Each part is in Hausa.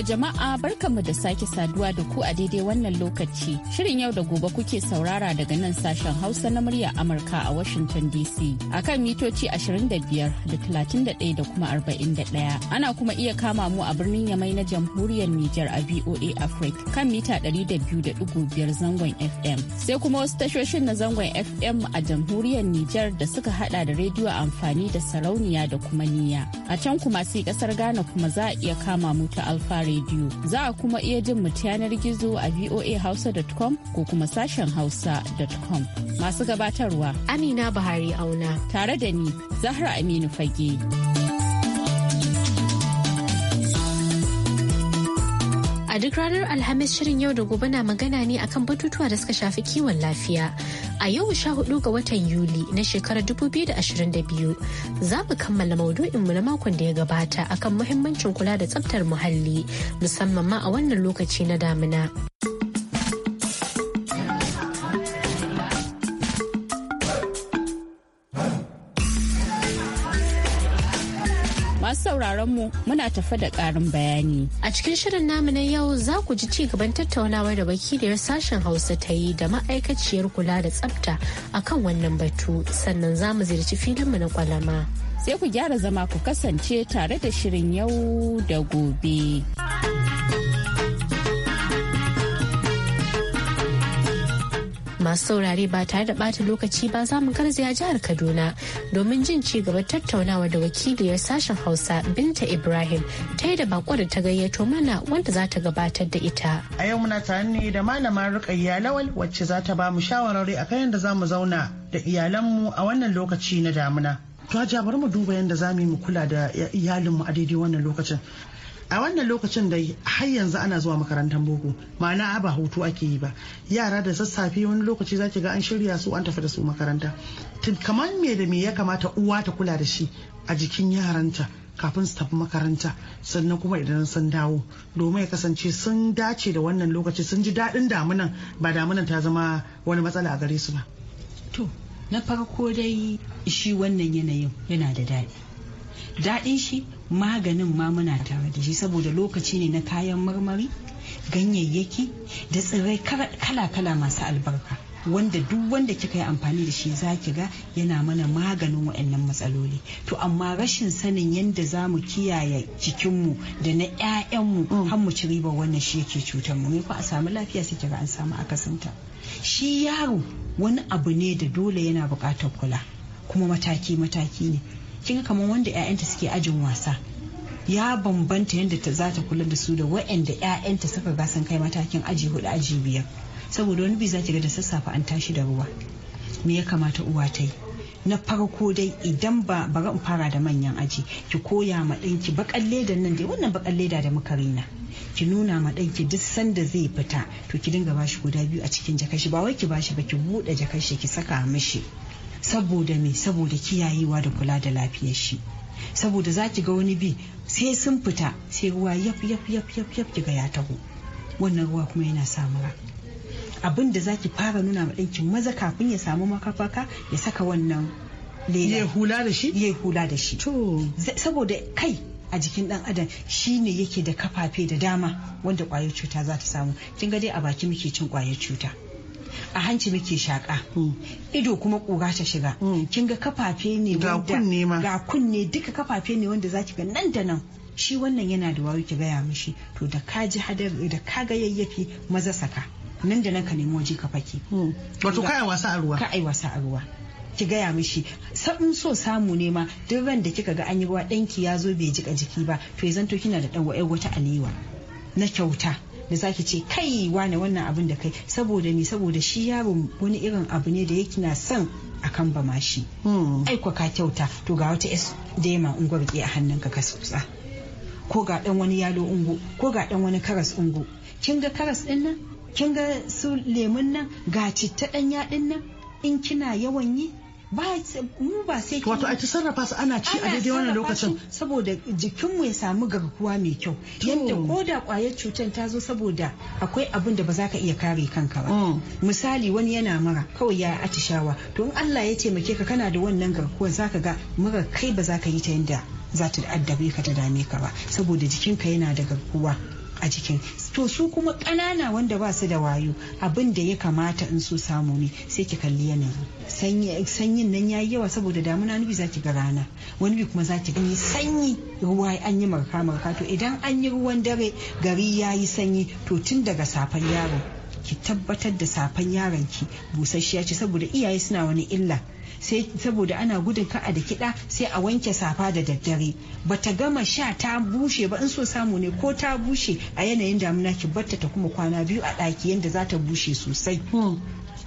To jama'a barkanmu da sake saduwa da ku a daidai wannan lokaci. Shirin yau da gobe kuke saurara daga nan sashen Hausa na murya Amurka a Washington DC. a kan mitoci 25 da 31 da kuma 41. Ana kuma iya kama mu a birnin Yamai na jamhuriyar Nijar a VOA Africa kan mita 200.5 zangon FM. Sai kuma wasu tashoshin na zangon FM a jamhuriyar Nijar da suka hada da rediyo amfani da sarauniya da kuma niya. A can kuma sai kasar Ghana kuma za a iya kama mu ta alfari rediyo. Za a kuma iya jin mu yanar gizo a voahausa.com ko kuma sashen hausa.com. Masu gabatarwa Amina Buhari Auna. Tare da ni Zahra Aminu Fage. A duk ranar Alhamis shirin yau da gobe na magana ne akan batutuwa da suka shafi kiwon lafiya. A yau Sha hudu ga watan Yuli na shekarar da ashirin 2022 za mu kammala maudu'inmu na makon da ya gabata akan muhimmancin kula da tsaftar muhalli musamman ma a wannan lokaci na damina. sauraron mu muna tafa da ƙarin bayani. A cikin shirin namu na yau za ku ji ci gaban tattaunawar da wakiliyar sashen Hausa ta yi da ma'aikaciyar kula da tsafta kan wannan batu sannan za mu ziyarci mu na kwalama. Sai ku gyara zama ku kasance tare da shirin yau da gobe. masu saurare ba tare da bata lokaci ba za mu garzaya jihar kaduna domin jin ci gaba tattaunawa da wakiliyar sashen hausa binta ibrahim ta yi da bako da ta gayyato mana wanda za ta gabatar da ita a yau muna tare ne da malama rukayya lawal wacce za ta ba mu shawarwari akan yadda za mu zauna da iyalanmu a wannan lokaci na damuna to bari mu duba yadda za mu yi mu kula da iyalinmu a daidai wannan lokacin a wannan lokacin da har yanzu ana zuwa makarantar boko ma'ana ba hutu ake yi ba yara da sassafe wani lokaci zaki ga an shirya su an tafi da su makaranta kamar me da me ya kamata uwa ta kula da shi a jikin yaranta kafin su tafi makaranta sannan kuma idan sun dawo domin ya kasance sun dace da wannan lokaci sun ji daɗin damunan ba damunan ta zama wani matsala a gare su ba. To, na farko dai shi wannan yanayin yana da daɗi. Daɗin shi maganin ma muna tare da shi saboda lokaci ne na kayan marmari ganyayyaki da tsirrai kala-kala masu albarka wanda duk wanda kika yi amfani da shi za ki ga yana mana maganin waɗannan matsaloli to amma rashin sanin yadda za mu kiyaye jikinmu da na 'ya'yanmu mm. har mu ci riba wannan shi yake cutar mu ne fa a samu lafiya sai kira an samu akasinta shi yaro wani abu ne da dole yana buƙatar kula kuma mataki-mataki ne kin kamar wanda 'ya'yanta suke ajin wasa ya bambanta yadda ta za ta kula da su da waɗanda 'ya'yanta suka ga sun kai matakin aji hudu aji biyar saboda wani biza za ki ga da sassafe an tashi da ruwa me ya kamata uwa ta yi na farko dai idan ba bari in fara da manyan aji ki koya ma ɗanki bakan leda nan dai wannan bakan leda da muka rina ki nuna ma ɗanki duk sanda zai fita to ki dinga bashi guda biyu a cikin jakashi ba wai ki bashi ba ki buɗe jakashi ki saka mishi saboda me saboda kiyayewa da kula da lafiyar shi saboda za ki ga wani bi sai sun fita sai ruwa yaf yaf yaf yaf yaf kiga ya taho wannan ruwa kuma yana samuwa abin da za ki fara nuna ma ɗanki maza kafin ya samu makafaka ya saka wannan leda ya hula da shi ya hula da shi To. saboda kai a jikin dan adam shine yake da kafafe da dama wanda kwayar cuta za ta samu kin ga dai a baki muke cin kwayar cuta a hanci muke shaka mm. ido kuma ƙura ta shiga mm. kin ga kafafe ne wanda ga kunne duka kafafe ne wanda zaki ga nan da nan shi wannan yana da wayo ki gaya mishi to da ka ji da ka ga yayyafi maza saka nan da nan ka nemo waje ka fake mm. wato kai wasa a ruwa kai wasa a ruwa ki gaya mishi sabin so samu ne ma duk ran da kika ga an yi ruwa danki ya zo bai jika jiki ba to ya zanto kina da dan wata alewa na kyauta da zaki ce kai wane wannan abin da kai saboda ni saboda shi yaron wani irin abu ne da yake na son akan ba ma hmm. aikwa ka kyauta to ga wata s dema ungwar a hannunka ka tsotsa ko ga dan wani yalo ungu ko ga dan wani karas ungo kin ga karas din nan kin ga su lemun nan ga citta dan yadin nan in kina yawan yi ba mu ba sai wato a ta sarrafa su ana ci a daidai wannan lokacin saboda jikinmu ya samu garkuwa mai kyau yadda koda kwayar cutar ta zo saboda akwai abin da ba za ka iya kare kanka ba mm. misali wani yana mara kawai ya atishawa to in Allah ya taimake ka kana da wannan garkuwar zaka ga mura kai ba za ka yi ta yadda za ta addabe ka ta dame ka ba saboda jikinka yana da garkuwa a jikin to su kuma ƙanana wanda ba su da wayo abin da ya kamata in so samu ne sai ki kalli yanayi sanyin nan ya yi yawa saboda damuna nubi za ki ga rana wani bi kuma za ki ga sanyi ruwa an yi marka marka to idan an yi ruwan dare gari ya yi sanyi to tun daga safan yaron ki tabbatar da safan yaron ki busasshiya ce saboda iyaye suna wani illa sai saboda ana gudun ka a da kiɗa sai a wanke safa da daddare ba ta gama sha ta bushe ba in so samu ne ko ta bushe a yanayin damuna ki barta ta kuma kwana biyu a ɗaki yadda za ta bushe sosai hmm.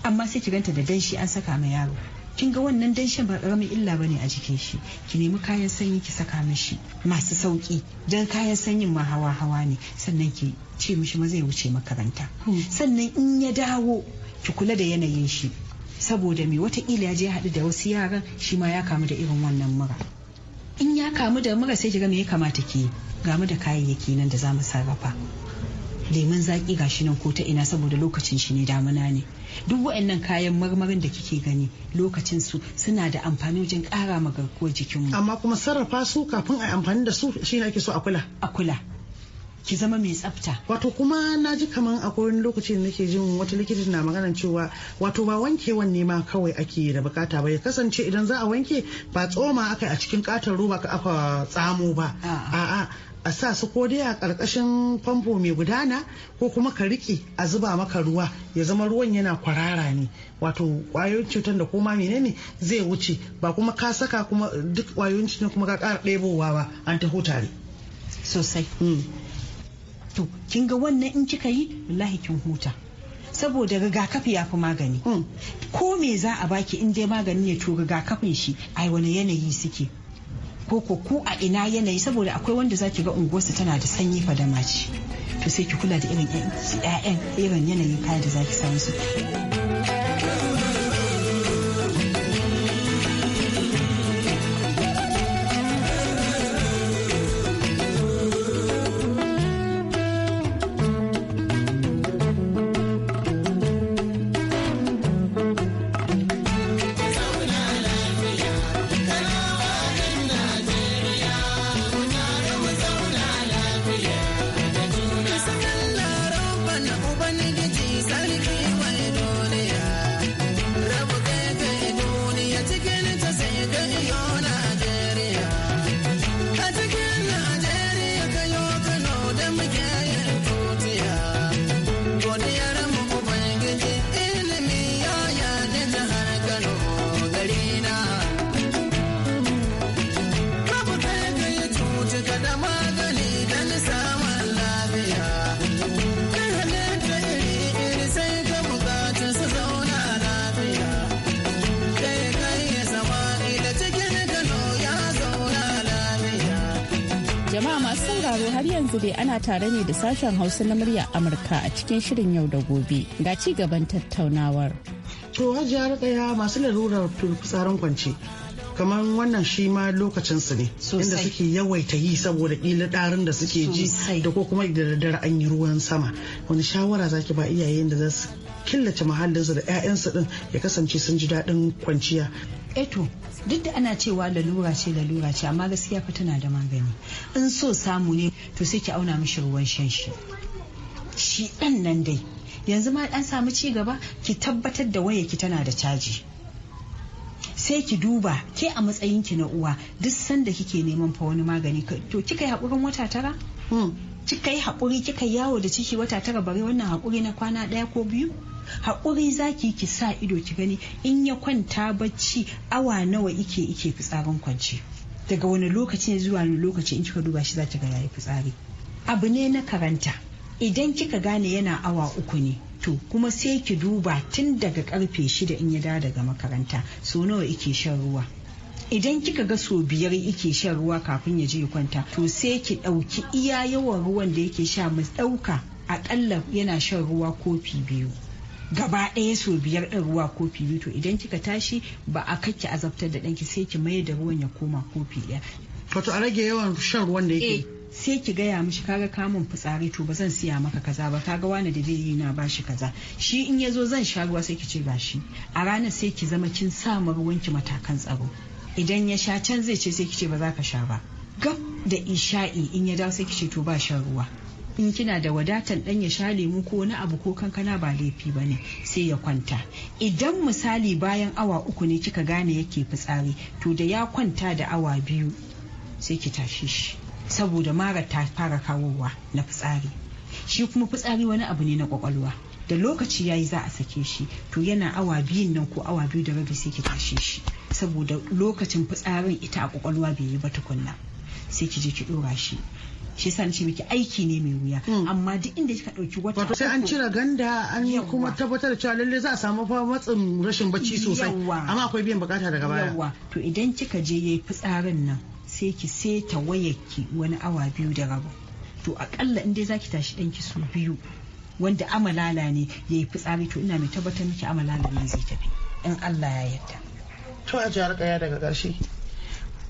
amma sai ki ganta da danshi an saka ma yaro kin ga wannan danshin ba karamin illa ba ne a jikin shi ki nemi kayan sanyi ki saka mishi masu sauki dan kayan sanyin ma hawa hawa ne sannan ki ce mishi ma zai wuce makaranta hmm. sannan in ya dawo ki kula da yanayin shi saboda me wataƙila ya je haɗu da wasu yaran shi ma ya kamu da irin wannan mura in ya kamu da mura sai kiga me ya kamata ki gamu da kayayyaki nan da za mu sarrafa lemun zaƙi gashi nan ko ta ina saboda lokacin shi ne damuna ne duk wayannan kayan marmarin da kike gani lokacin su suna da amfani wajen ƙara ma garkuwar jikinmu amma kuma sarrafa su kafin a amfani da su shine ake so a kula a kula ki zama mai tsafta wato kuma na ji kaman akwai wani lokaci nake jin wata likita na magana cewa wato ba wankewan ne ma kawai ake da bukata ba ya kasance idan za a wanke ba tsoma aka a cikin katon roba ka afa tsamo ba a'a a sa su ko dai a ƙarƙashin famfo mai gudana ko kuma ka riƙe a zuba maka ruwa ya zama ruwan yana kwarara ne wato ƙwayoyin cutar da koma menene zai wuce ba kuma ka saka kuma duk ƙwayoyin cutar kuma ka ƙara ɗebowa ba an taho tare sosai mm. to kin ga wannan in kika yi wallahi kin huta saboda rigakafi ya fi magani hmm. ko me za a baki in dai magani ne to rigakafin shi ai wani yanayi suke ko ko ku a ina yanayi saboda akwai wanda zaki ga unguwarsa tana da sanyi fa da mace to sai ki kula da irin 'ya'yan irin yanayin kayan da zaki samu su Jama'a masu sauraro har yanzu dai ana tare ne da sashen Hausa na murya Amurka a cikin shirin yau da gobe ga ci gaban tattaunawar. To hajiyar ɗaya masu larurar tsaron kwance kamar wannan shi ma lokacinsu ne inda suke yawaita yi saboda ƙila ɗarin da suke ji da ko kuma da daddare an yi ruwan sama wani shawara zaki ba iyayen da za su killace muhallinsu da 'ya'yansu din ya kasance sun ji daɗin kwanciya eto eh duk da ana cewa lalura ce lalura ce amma gaskiya fa tana da magani in so samu ne to sai ki auna mishi ruwan shan shi shi dan nan dai yanzu ma dan samu ci gaba ki tabbatar da waya ki tana da caji sai ki duba ke a matsayin ki na uwa duk sanda kike neman fa wani magani to kika yi hakurin wata tara hmm. kika yi hakuri kika yawo da ciki wata tara bare wannan hakuri na kwana daya ko biyu haƙuri zaki ki sa ido ki gani in ya kwanta bacci awa nawa ike ike fitsarin kwance daga wani lokaci ne zuwa wani lokaci in kika duba shi za ki ga yayi fitsari abu ne na karanta idan kika gane yana awa uku ne to kuma sai ki duba tun daga karfe shida in ya dawo daga makaranta so nawa ike shan ruwa idan kika ga so biyar yake shan ruwa kafin ya je ya kwanta to sai ki ɗauki iya yawan ruwan da yake sha mu ɗauka aƙalla yana shan ruwa kofi biyu gaba ɗaya sau biyar ɗan ruwa kofi biyu to idan kika tashi ba a ki azabtar da ɗanki sai ki mai da ruwan ya koma kofi ɗaya. Wato a rage yawan shan ruwan da yake. Eh, sai ki gaya mishi kaga kamun fitsari to ba zan siya maka kaza ba kaga wani da zai yi na bashi kaza shi in ya zo zan sha ruwa sai ki ce ba a ranar sai ki zama kin sa ma ruwan ki matakan tsaro idan ya sha can zai ce sai ki ce ba za ka sha ba gab da isha'i in ya dawo sai ki ce to ba shan ruwa in kina da wadatan dan ya sha lemu ko wani abu ko kankana ba laifi ba ne sai ya kwanta idan misali bayan awa uku ne kika gane yake fitsari to da ya kwanta da awa biyu sai ki tashi shi saboda mara ta fara kawowa na fitsari shi kuma fitsari wani abu ne na kwakwalwa da lokaci ya yi za a sake shi to yana awa biyun nan ko awa biyu da rabi sai ki tashe shi saboda lokacin fitsarin ita a kwakwalwa bai yi ba tukunna sai ki je ki dora shi shi yasa ce miki aiki ne mai wuya hmm. amma duk inda kika dauki wata sai an cire ganda an yi kuma tabbatar da cewa lalle za a samu fa matsin rashin bacci sosai amma akwai biyan bukata daga baya to idan kika je yayi fitsarin nan sai ki seta wayarki wani awa biyu da rabu to akalla in dai zaki tashi danki su biyu wanda amalala ne yayi fitsari to ina mai tabbatar miki amalala ne zai tafi in Allah ya yarda to a jihar kaya daga ƙarshe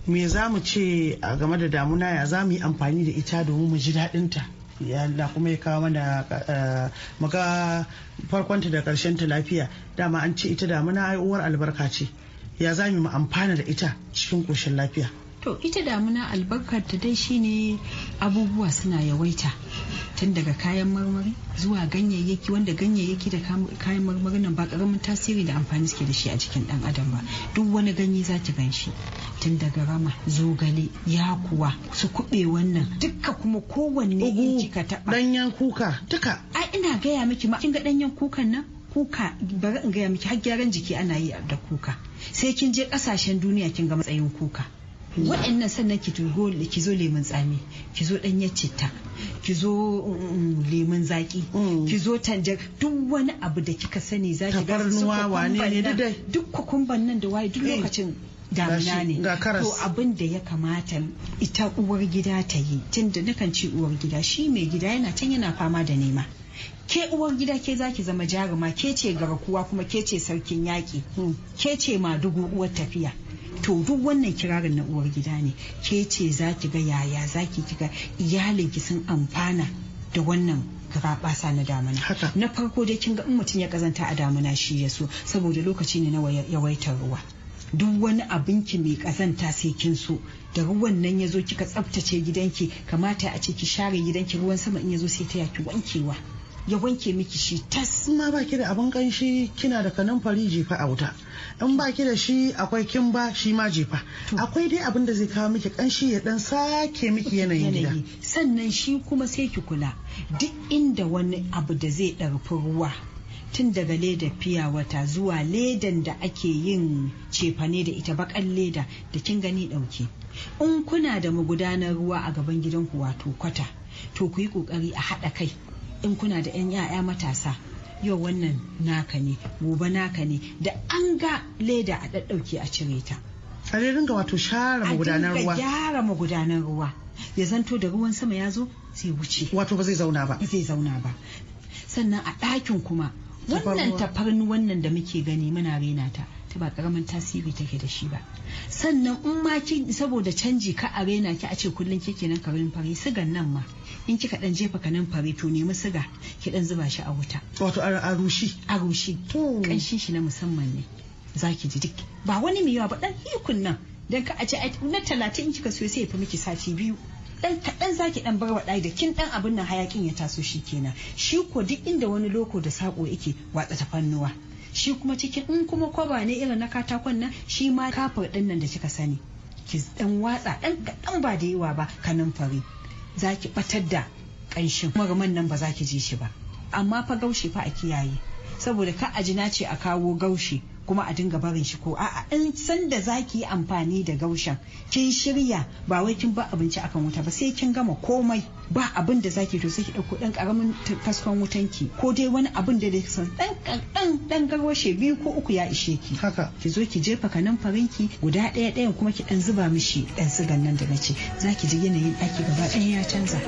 me za mu ce a game da damuna ya za mu yi amfani da ita domin mu ji daɗinta da kuma ya kawo mana eh, maka farkonta da karshen ta lafiya dama an ce ita damuna ai uwar albarka ce ya za mu amfana da ita cikin koshin lafiya to ita damuna albarkar ta dai shine abubuwa suna yawaita tun daga kayan marmari zuwa ganyayyaki wanda ganyayyaki da kayan marmari nan ba karamin tasiri da amfani suke da shi a jikin dan adam ba duk wani ganye za ta gan shi tun daga rama zogale yakuwa su kuɓe wannan duka kuma kowanne in kika danyen kuka duka ai ina gaya miki ma kin ga danyen kukan nan kuka bari in gaya miki har gyaran jiki ana yi da kuka sai kin je ƙasashen duniya kin ga matsayin kuka Waɗannan sannan ki tugo ki zo lemun tsami ki zo ɗanyar citta ki zo mm, mm, lemun zaki mm. ki zo tanjar duk wani abu da kika sani za ki ga su duk kukumban nan da waye duk eh. lokacin damina ne to abin da ya kamata ita uwar gida ta yi tun da nakan ce uwar gida shi mai gida yana can yana fama da nema ke uwar gida ke zaki zama jaruma ke ce garkuwa kuma ke ce sarkin yaƙi ke ce madugu uwar tafiya to duk wannan kirarin na uwar gida ne ke ce za ki ga yaya za ki ga ki sun amfana da wannan gabasa na damuna na farko dai kin ga in mutum ya kazanta a damuna shi ya so saboda lokaci ne na yawaitar ruwa duk wani ki mai kazanta sai kin so da ruwan nan ya zo kika tsaftace gidanki kamata a ce ki share gidanki ruwan sama in ya zo sai ta yaki wankewa ya wanke miki shi tas ma baki da abin kanshi kina da kanan fari jefa a wuta in baki da shi akwai kimba shi ma jefa akwai dai abin da zai kawo miki kanshi ya dan sake miki yanayin gida sannan shi kuma sai ki kula duk inda wani abu da zai ɗarfi ruwa tun daga leda fiya wata zuwa ledan da ake yin cefane da ita bakan leda da kin gani ɗauke in kuna da magudanar ruwa a gaban gidanku wato kwata to ku yi kokari a haɗa kai in kuna da 'yan 'ya'ya matasa yau wannan naka ne gobe naka ne da an ga leda a ɗaɗɗauki a cire ta a ringa wato share magudanar ruwa a gyara magudanar ruwa ya zanto da ruwan sama ya zo sai wuce wato ba zai zauna ba zai zauna ba sannan a ɗakin kuma wannan tafarnu wannan da muke gani muna rena ta ta ba karamin tasiri take da shi ba sannan in ma ki saboda canji ka a raina ki a ce kullun kike nan karin fari sigan nan ma in kika dan jefa kanin fari to nemi siga ki dan zuba shi a wuta wato a rushi a rushi kanshin shi na musamman ne zaki ji duk ba wani mai yawa ba dan hikun nan dan ka a ce na talatin kika so sai ya fi miki sati biyu dan kaɗan zaki dan bar ɗai da kin dan abin nan hayakin ya taso shi kenan shi ko duk inda wani loko da sako yake watsa fannuwa. shi kuma cikin in kuma kwaba ne irin na katakon nan shi ma kafa din nan da kika sani ki dan watsa dan kadan ba da yawa ba kanin fari zaki batar da kanshin magaman nan ba zaki ji shi ba amma fa gaushe fa a kiyaye saboda ka ajina ce a kawo gaushe kuma a dinga barin shi ko a'a in sanda za ki yi amfani da gaushen kin shirya ba wai kin ba abinci akan wuta ba sai kin gama komai ba abin da zaki to sai ki dauko dan karamin kaskon wutan ki ko dai wani abin da dai san ɗan dan dan garwashe biyu ko uku ya ishe ki haka ki zo ki jefa kanan farin ki guda ɗaya ɗayan kuma ki ɗan zuba mishi ɗan sigan nan da nace zaki ji yanayin ɗaki gaba ɗaya ya canza.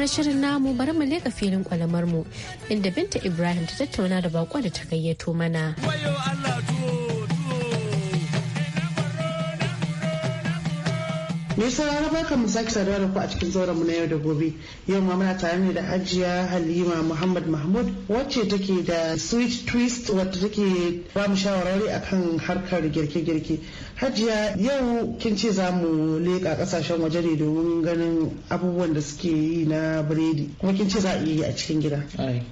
fara shirin namu bari mu leka filin kwalamar mu inda Binta Ibrahim ta tattauna da bako da ta gayyato mana. Me sauraro barka mu sake saduwa da ku a cikin zauren mu na yau da gobe. Yau ma muna tare ne da Hajiya Halima Muhammad Mahmud wacce take da sweet twist wacce take ba mu shawarwari akan harkar girke-girke. Hajiya yau kin ce za mu leƙa ƙasashen waje ne domin ganin abubuwan da suke yi na biredi kuma kin ce za a yi a cikin gida.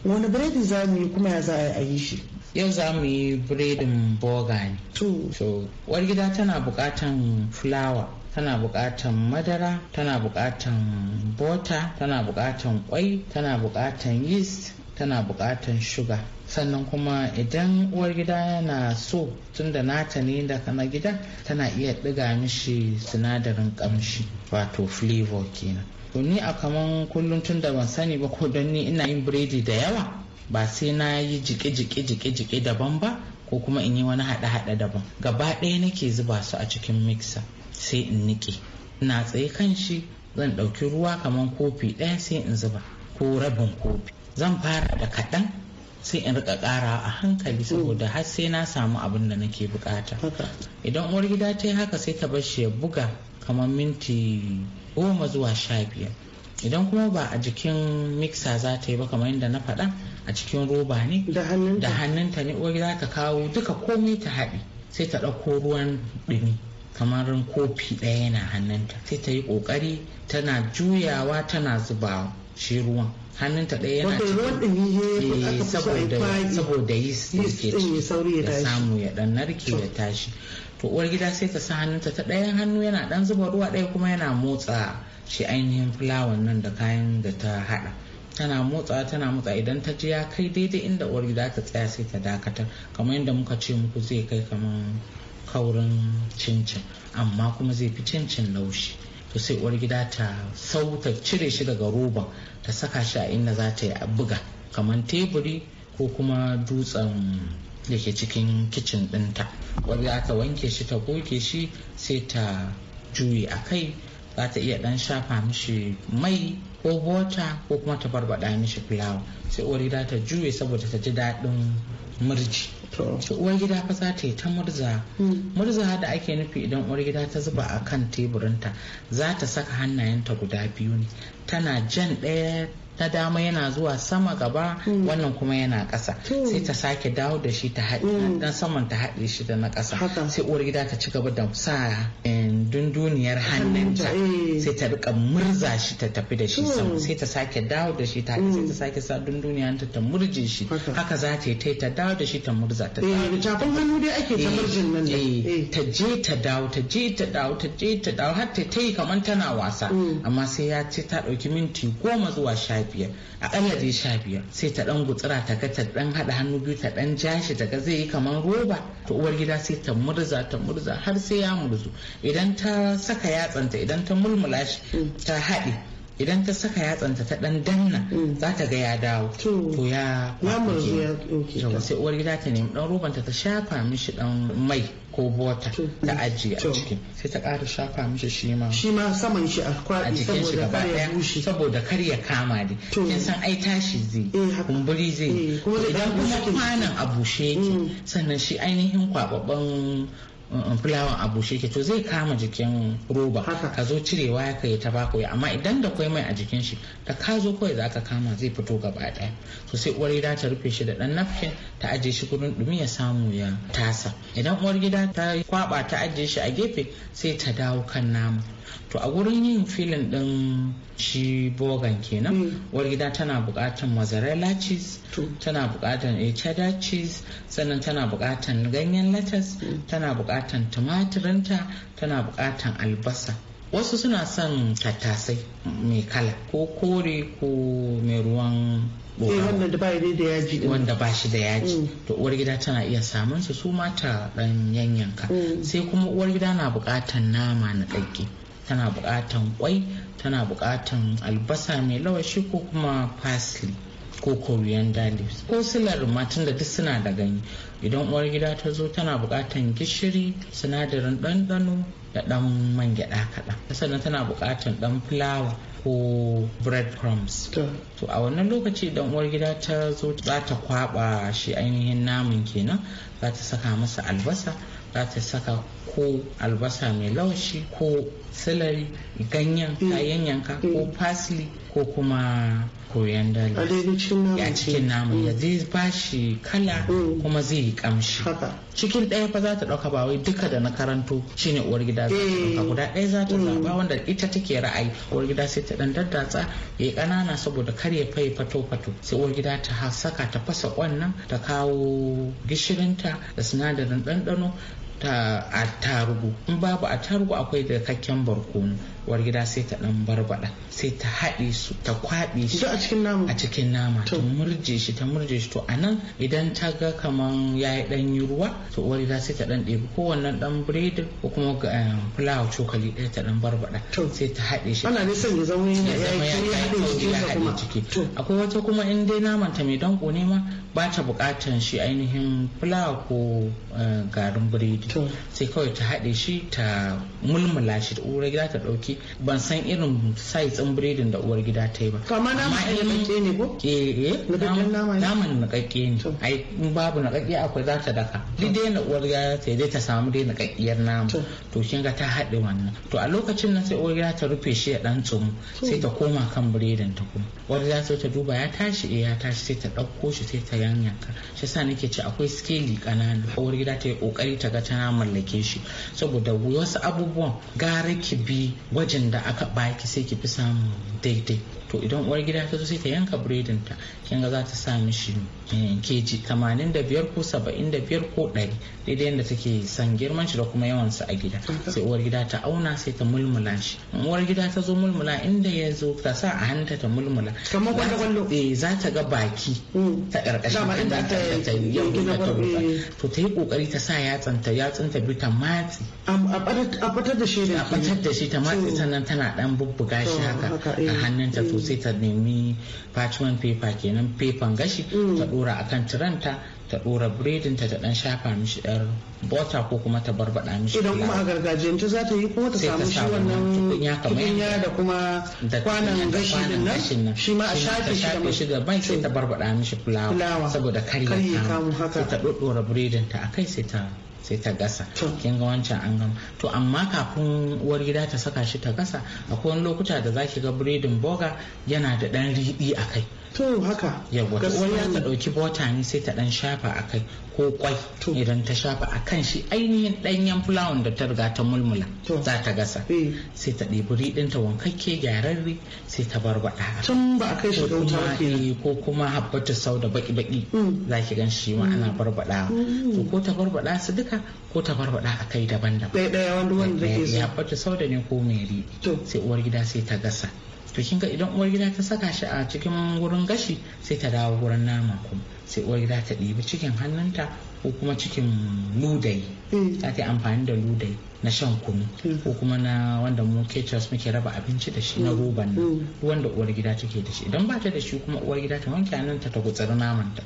Wani biredi za mu yi kuma ya za a yi shi? yau za mu yi biredin boga ne. So, gida tana bukatan fulawa tana buƙatan madara tana buƙatan bota tana buƙatan kwai tana buƙatan yeast tana buƙatan shuga sannan kuma idan uwar gida yana so tun da nata ne da kana gida tana iya ɗiga mishi sinadarin ƙamshi wato flavor kenan to ni a kaman kullum tun da ban sani ba ko don ni ina yin biredi da yawa ba sai na yi jike jike jike jiƙe daban ba ko kuma in yi wani haɗe haɗe daban gaba ɗaya nake zuba su a cikin mixer sai in niƙe ina tsaye kan shi zan ɗauki ruwa kamar kofi ɗaya sai in zuba ko rabin kofi zan fara da kaɗan sai in rika ƙara a hankali saboda har sai na samu abin da nake bukata idan uwar gida ta yi haka sai ta bar shi ya buga kamar minti goma zuwa sha biyar idan kuma ba a jikin mixer za ta yi ba kamar yadda na faɗa a cikin roba ne da hannunta ne uwar gida ta kawo duka komai ta haɗi sai ta ɗauko ruwan ɗumi kamar kofi ɗaya yana hannunta sai ta yi ƙoƙari tana juyawa tana zuba shi ruwan hannunta ɗaya yana cikin eh, saboda yi ke ya samu ya ɗan narke ya tashi to uwar gida sai ta sa hannunta ta ɗayan hannu yana ɗan zuba ruwa ɗaya kuma yana motsa shi ainihin fulawan nan da kayan da ta haɗa tana motsa tana motsa idan ta ji ya kai daidai inda uwar gida ta tsaya sai ta dakatar kamar yadda muka ce muku zai kai kamar kaurin cincin amma kuma zai fi cincin laushi to sai uwar gida ta sauta cire shi daga roba ta saka shi a inda za ta yi buga kamar teburi ko kuma dutsen da ke cikin kicin ɗinta wanda aka wanke shi ta goge shi sai ta juye a kai za ta iya ɗan shafa mishi mai ko bota ko kuma ta barbaɗa mishi fulawa sai uwar gida ta juye saboda ta ji daɗin murji uwar gida fa za ta yi ta murza hmm. murza da ake nufi idan uwar gida ta zuba a kan teburinta za ta saka hannayenta guda biyu ne tana jan ɗaya na dama yana zuwa sama gaba mm. wannan kuma yana ƙasa sai ta sake dawo da shi ta haɗe mm. dan saman ta haɗe shi da na ƙasa sai uwar gida ta ci gaba da sa eh, dunduniyar hannunta eh. sai ta rika murza shi ta tafi da shi sama sai ta sake dawo da shi ta haɗe sai ta mm. sake sa dunduniyar ta ta murje shi haka za ta yi ta ta dawo da shi ta murza ta dawo eh, tafin hannu dai ake ta murjin nan ne ta je ta dawo ta je ta dawo ta je ta dawo har ta yi kamar tana wasa amma sai ya ce ta ɗauki minti goma zuwa sha biyar akalla dai sha biyar sai ta ɗan gutsira ta ga ta dan hada hannu biyu ta ɗan jashi ta ga zai yi kamar roba ta uwar gida sai ta murza ta murza har sai ya murzu idan ta saka yatsanta idan ta mulmula shi ta haɗe idan ta saka yatsanta ta dan danna mm. za ta ga ya dawo to ya ya sai uwar gida ta nemi dan robanta ta shafa mishi dan mai ko bota ta ajiye a ciki sai ta ƙara shafa mishi shi ma shi ma saman shi a kwaɗi saboda kar ya bushe saboda kar ya kama ne kin san ai tashi zai eh, kumburi zai eh, idan kuma kwanan a bushe yake mm. sannan shi ainihin kwababban fulawan a bushe ke to zai kama jikin roba ka zo cirewa ya kai ta bako amma idan da kwai mai a jikin shi da ka zo kawai za ka kama zai fito gaba ɗaya to sai uwar gida ta rufe shi da dan nafkin ta ajiye shi gurin dumi ya samu ya tasa idan uwar gida ta kwaba ta ajiye shi a gefe sai ta dawo kan namu to a gurin yin filin din shi bogan kenan hmm. war gida tana bukatan mozzarella cheese tana bukatan eh, cheddar cheese sannan tana bukatan ganyen latas hmm. tana bukatan tumatirinta tana bukatan albasa wasu suna son tattasai mai kala ko kore ko mai ruwan eh, wanda ba shi da yaji hmm. to uwar gida tana iya samun su su mata dan yanyanka sai kuma uwar gida na buƙatan nama na ɗage tana buƙatan kwai tana buƙatan albasa mai lawashi ko kuma parsley ko coriander leaves ko silar matan da duk suna da ganye idan uwar gida ta zo tana bukatan gishiri sinadarin ɗanɗano da ɗan man gyaɗa kaɗan sannan tana bukatan ɗan fulawa ko bread crumbs to a wannan lokaci idan uwar gida ta zo za ta kwaɓa shi ainihin namun kenan za ta saka masa albasa za ta saka ko albasa mai laushi ko celery ganyen kayan yanka ko mm. parsley ko kuma koyan dala a cikin namun ya zai ba shi kala mm. kuma zai yi kamshi cikin ɗaya fa za ta ɗauka ba wai duka da na karanto shine uwar gida za ta eh. ɗauka guda ɗaya za ta mm. zaɓa wanda ita take ra'ayi uwar gida sai ta ɗan daddatsa ya yi ƙanana saboda kar ya fai fato fato sai uwar gida ta saka ta fasa ƙwannan ta kawo gishirinta da sinadarin ɗanɗano ta a tarugu in babu a tarugu akwai da kakken barkono uwar gida sai ta dan barbada sai ta haɗe su ta kwaɓe shi a cikin nama a cikin nama ta murje shi ta murje shi to anan idan ta ga kaman yayi dan yi ruwa to uwar gida sai ta dan ɗebi kowannan dan bread ko kuma eh, fulawa cokali ɗaya ta dan barbada sai ta haɗe shi ana nisan ya zama ya haɗe ciki akwai wata kuma in dai naman ta mai danko ne ma ba ta bukatan shi ainihin fulawa ko eh, garin biredi sai kawai ta haɗe shi ta mulmula shi ta uwar gida ta ɗauki ban san irin size in biredin da uwar gida ta yi ba kamar nama nakakke ne ko eh, eh naman nakakke ne ai babu nakakke akwai za ta daka duk dai na uwar gida ta dai ta samu dai nakakkiyar nama to kin ga ta haɗe wannan to a lokacin nan sai uwar gida ta rufe shi ya ɗan tsumu sai ta koma kan biredin ta kuma uwar gida sai ta duba ya tashi eh ya tashi sai ta ɗauko shi sai ta yanyanka shi sa nake ce akwai sikeli ƙanana uwar gida ta yi ƙoƙari ta ga ta mallake shi saboda wasu abubuwan gara ki bi lokacin da aka baki sai ki fi samun daidai to idan uwar gida ta zo sai ta yanka biredin ta kin ga za ta sa mishi eh, keji 85 ko 75 ko 100 daidai yadda take san girman shi da kuma yawan sa a gida sai uwar gida ta auna sai ta mulmula shi uwar gida ta zo mulmula inda ya zo ta sa a hanta ta mulmula kamar kwallo kwallo eh za ta ga baki mm. ta karkashin inda ta yau ta eh. to ta yi kokari ta sa ya yatsanta biyu ta matsi a fatar da shi a fatar da shi ta matsi mm. sannan tana dan bubbuga shi haka eh. a hannunta to mm. sai ta nemi parchment paper kenan wannan faifan gashi mm. ta dora kan tiranta ta dora biredin ta dan shafa mishi yar bota ko kuma ta barbada mishi idan kuma a gargajiyance za ta yi kuma ta samu shi wannan tukunya da kuma kwanan gashi din nan shi ma a shafe shi da bai sai ta barbada mishi fulawa saboda karya kamu sai ta dora biredin ta akai sai ta sai ta gasa kin ga wancan an gama to amma kafin uwar gida ta saka shi ta gasa akwai wani lokuta da zaki ga biredin boga yana da dan riɗi a kai to haka yawa to ta dauki bota ne sai ta dan shafa kai ko kwai idan ta shafa kan shi ainihin danyen fulawan da ta riga ta mulmula za ta gasa eh. sai ta ɗebi riɗin ta wankakke gyararri sai ta barbaɗa tun ba a kai shi wuta eh, ko kuma habbatu sau da baki baki mm. za ki gan shi ma ana mm. barbaɗa mm. to ko ta bar baɗa su duka ko ta bar a kai daban-daban ɗaya ɗaya wanda wanda ke eh, sau da ne ko mai riɗi sai uwar gida sai ta gasa to kin idan uwar gida ta saka shi a cikin wurin gashi sai ta dawo wurin nama kuma sai uwar gida ta ɗibi cikin hannunta ko kuma cikin ludai eh. za ta yi amfani da ludai na shan kunu eh. ko kuma na wanda mu ketchup muke raba abinci da shi na mm. roban nan mm. wanda uwar gida take da shi idan ba ta da shi kuma uwar gida ta wanke hannunta ta gutsari naman ta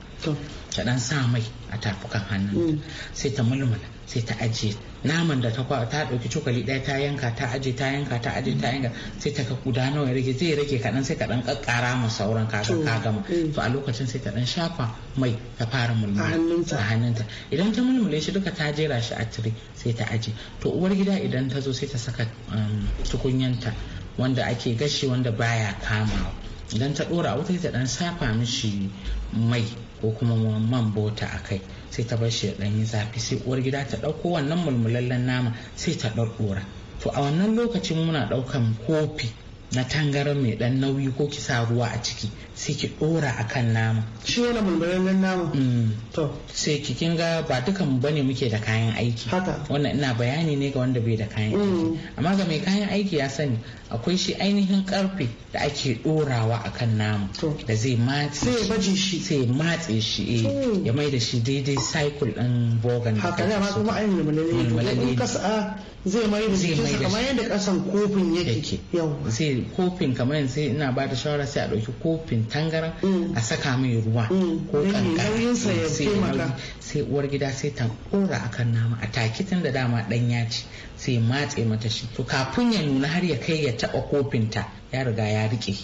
ta dan sa mai a tafukan hannunta mm. sai ta mulmula sai ta ajiye naman da ta ta dauki cokali daya ta yanka ta aje ta yanka ta aje ta yanka sai ta guda nawa ya rage zai rage kadan sai kadan kakkara ma sauran kaga ka gama mm. to a lokacin sai ta dan shafa mai ta fara mulmula a hannunta idan ta mulmule shi duka ta jera shi a tire sai ta aje to uwar gida idan ta zo sai ta saka um, tukunyanta wanda ake gashi wanda baya kama idan ta dora wuta ta dan safa mishi mai ko kuma man bota a kai sai ta bar shi ya ɗanyi zafi sai uwar gida ta ɗauko wannan mulmulallen nama sai ta ɗora to a wannan lokacin muna ɗaukan kofi na tangaran mai ɗan nauyi ko kisa ruwa a ciki sai ki dora kan nama shi yana mulmulallen nama mm. to sai ki kinga ba dukan bane muke da kayan aiki haka wannan ina bayani ne ga wanda bai da kayan aiki mm. amma ga mai kayan aiki ya sani akwai shi ainihin karfe da ake dorawa kan nama da zai matse sai baje shi sai matse shi eh ya mai da shi daidai cycle din bogan haka ne ma kuma ainihin mulmulalle kasa. Ah, zai mai da shi kamar yadda kasan kofin yake yau sai kofin kamar yanzu ina ba da shawara sai a ɗauki kofin tangaran mm. a saka mai ruwa mm. ko mm. kankara sai uwar gida sai ta a kan nama a taki takitin da dama ya ce sai matse mata shi to kafin ya nuna har ya kai ya taɓa kofinta ya riga ya rike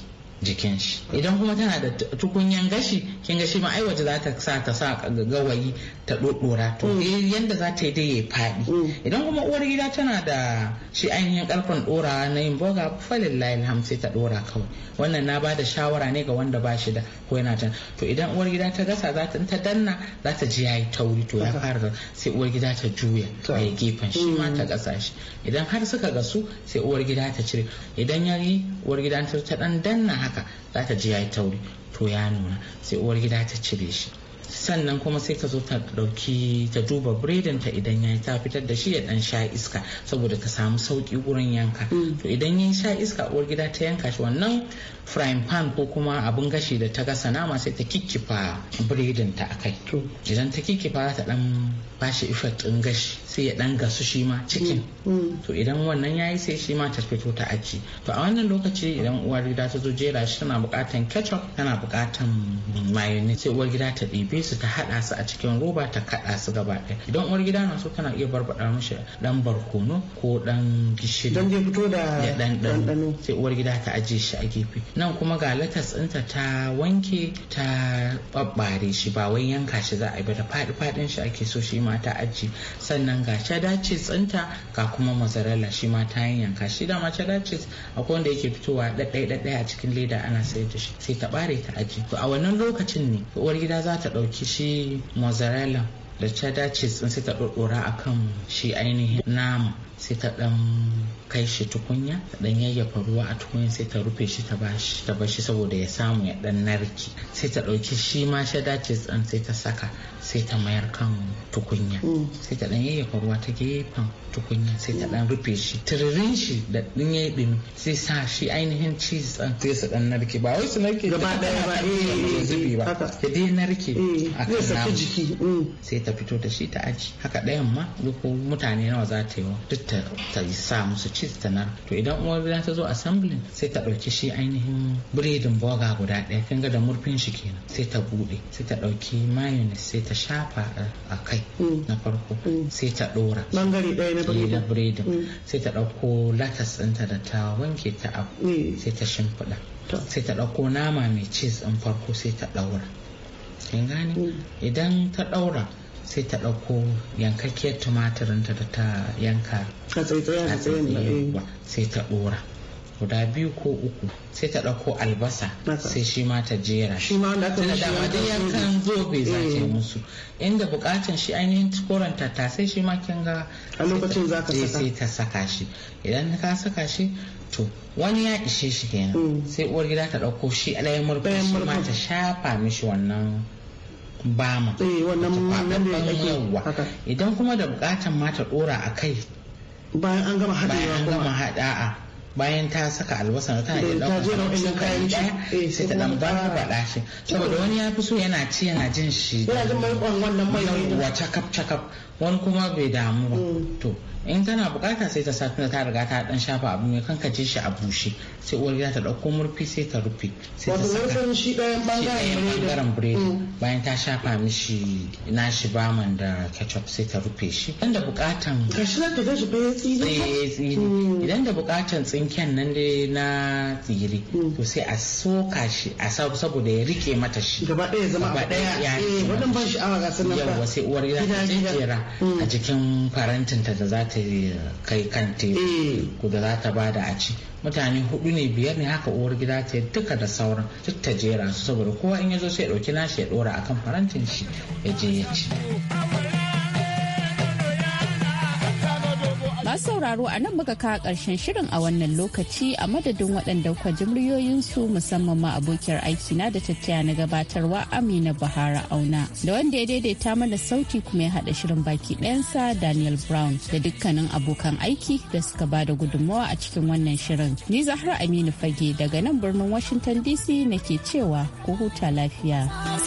jikin shi idan kuma tana da tukunyan gashi kin ga shi ma ai waje za ta sa ta sa gawayi ta dodora to mm. eh, yanda za ta yi dai ya fadi mm. idan kuma uwar gida tana da shi ainihin karfin dora na yin boga falin layin sai ta dora kawai wannan na ba da shawara ne ga wanda ba shi da ko yana tana to idan uwar gida ta gasa za ta danna za ta ji yayi tauri to ya fara sai uwar gida ta juya a gefen shi ma ta mm. gasa shi idan har suka gasu sai uwar gida ta cire idan yayi uwar gida ta dan danna haka za ta ji ya yi tauri to ya nuna sai uwar gida ta cire shi sannan kuma sai ta zo ta dauki ta duba biredin ta idan ya ta fitar da shi ya dan sha iska saboda ka samu sauki wurin yanka mm. to idan ya sha iska uwar gida ta yanka shi wannan frying pan ko kuma abin gashi da ta gasa nama sai ta kikkifa biredin ta akai idan ta kikkifa ta dan bashi effect din gashi sai ya dan gasu shi ma cikin mm. Mm. to idan wannan yayi sai shi ma ta fito ta aji to a wannan lokaci idan uwar gida ta zo jera shi tana bukatan ketchup tana bukatan mayonnaise sai uwar gida ta ɗebe rufe su ta haɗa su a cikin roba ta kaɗa su gaba ɗaya idan uwar gida na so tana iya barbaɗa mishi ɗan barkono ko dan gishiri dan ya fito da ɗanɗano sai uwar gida ta ajiye shi a gefe nan kuma ga latas ɗinta ta wanke ta babbare shi ba wai yanka shi za a yi ba da faɗi faɗin shi ake so shi ma ta aje sannan ga cheddar cheese ɗinta ga kuma mozzarella shi ma ta yanka shi dama cheddar cheese akwai wanda yake fitowa ɗaɗɗaya ɗaɗɗaya a cikin leda ana sayar da shi sai ta ɓare ta aji to a wannan lokacin ne uwar gida za ta ɗauki ɗauki shi mozzarella da cheddar cheese sai ta ɗorɗora a kan shi ainihin nama sai ta ɗan kai shi tukunya ta ɗan yayyafa ruwa a tukunya sai ta rufe shi ta bashi saboda ya samu ya ɗan narki sai ta ɗauki shi ma cheddar cheese sai ta saka sai ta mayar kan tukunya mm. sai ta dan yayyafa ruwa ta gefen tukunya sai ta dan rufe shi tiririn shi da din yayi dumi sai sa shi ainihin cheese an. sai su dan narke ba wai su narke gaba daya ba eh zubi ba ya dai narke eh, a kan jiki mm. sai ta fito da shi ta aji haka dayan ma ko mutane nawa za ta yi duk ta sa musu cheese ta nar to idan uwar gida ta zo assembling sai ta dauki shi ainihin biredin boga guda daya kin ga da murfin shi kenan sai ta bude sai ta dauki mayonnaise sai ta shafa eh, a kai mm. na farko mm. sai ta dora bangare daya na biredin biredin mm. sai ta dauko latas ɗinta da ta wanke ta abu sai ta shimfiɗa sai ta dauko nama mai cheese ɗin farko sai ta daura kin gane idan ta daura sai ta ɗauko yankakkiyar tumatirinta da ta yanka a tsaye eh. sai ta ɗora guda biyu ko uku sai ta ɗauko albasa sai shi ma ta jera shi ma da dama duk ya kan zo bai yi eh. musu inda bukatan shi ainihin koranta ta sai shi ma kin ga a lokacin za ka saka sai ta saka shi idan ka saka shi to wani ya ishe shi kenan hmm. sai uwar gida ta ɗauko shi ɗayan murfi shi ma ta shafa mishi wannan bama eh, idan kuma da bukatan ma ta ɗora a kai bayan an gama haɗawa bayan ta saka albasa ta da dan kayan ci eh, sai ta dan ba ba shi saboda wani ya fi so yana ci yana jin shi yana jin mai wani kuma bai damu ba mm. to in kana bukata sai ta satuna ta riga ta dan shafa abu mai ce shi a bushe sai uwar gida ta dauko murfi sai ta rufe sai ta saka shi dayan bangaren biredi mm. bayan ta shafa mishi nashi baman da ketchup sai ta rufe shi idan da bukatan kashi ta gashi ba ya tsiri mm. idan da bukatan tsinken nan da na tsiri mm. to sai a soka shi a saboda ya rike mata shi gaba daya zama gaba daya ya eh, wannan ban sha'awa ga sanan ba sai uwar gida ta jera a jikin ta da za ta kai kan tebur eh. ko za ta bada a ci mutane hudu ne biyar ne haka uwar gida ta duka da sauran duk ta jera su saboda kowa in ya zo sai ya dauki nashi ya dora akan farantin shi ya je ya ci. Masu sauraro a nan muka kawo ƙarshen shirin a wannan lokaci a madadin waɗanda kwa jimriyoyinsu musamman ma abokiyar aikina da tattaya na gabatarwa Amina Bahara Auna. Da wanda ya daidaita mana sauti kuma ya haɗa shirin baki ɗayansa Daniel Brown da dukkanin abokan aiki da suka ba da gudunmawa a cikin wannan shirin. Ni Zahra Aminu Fage daga nan birnin Washington DC nake cewa ku huta lafiya.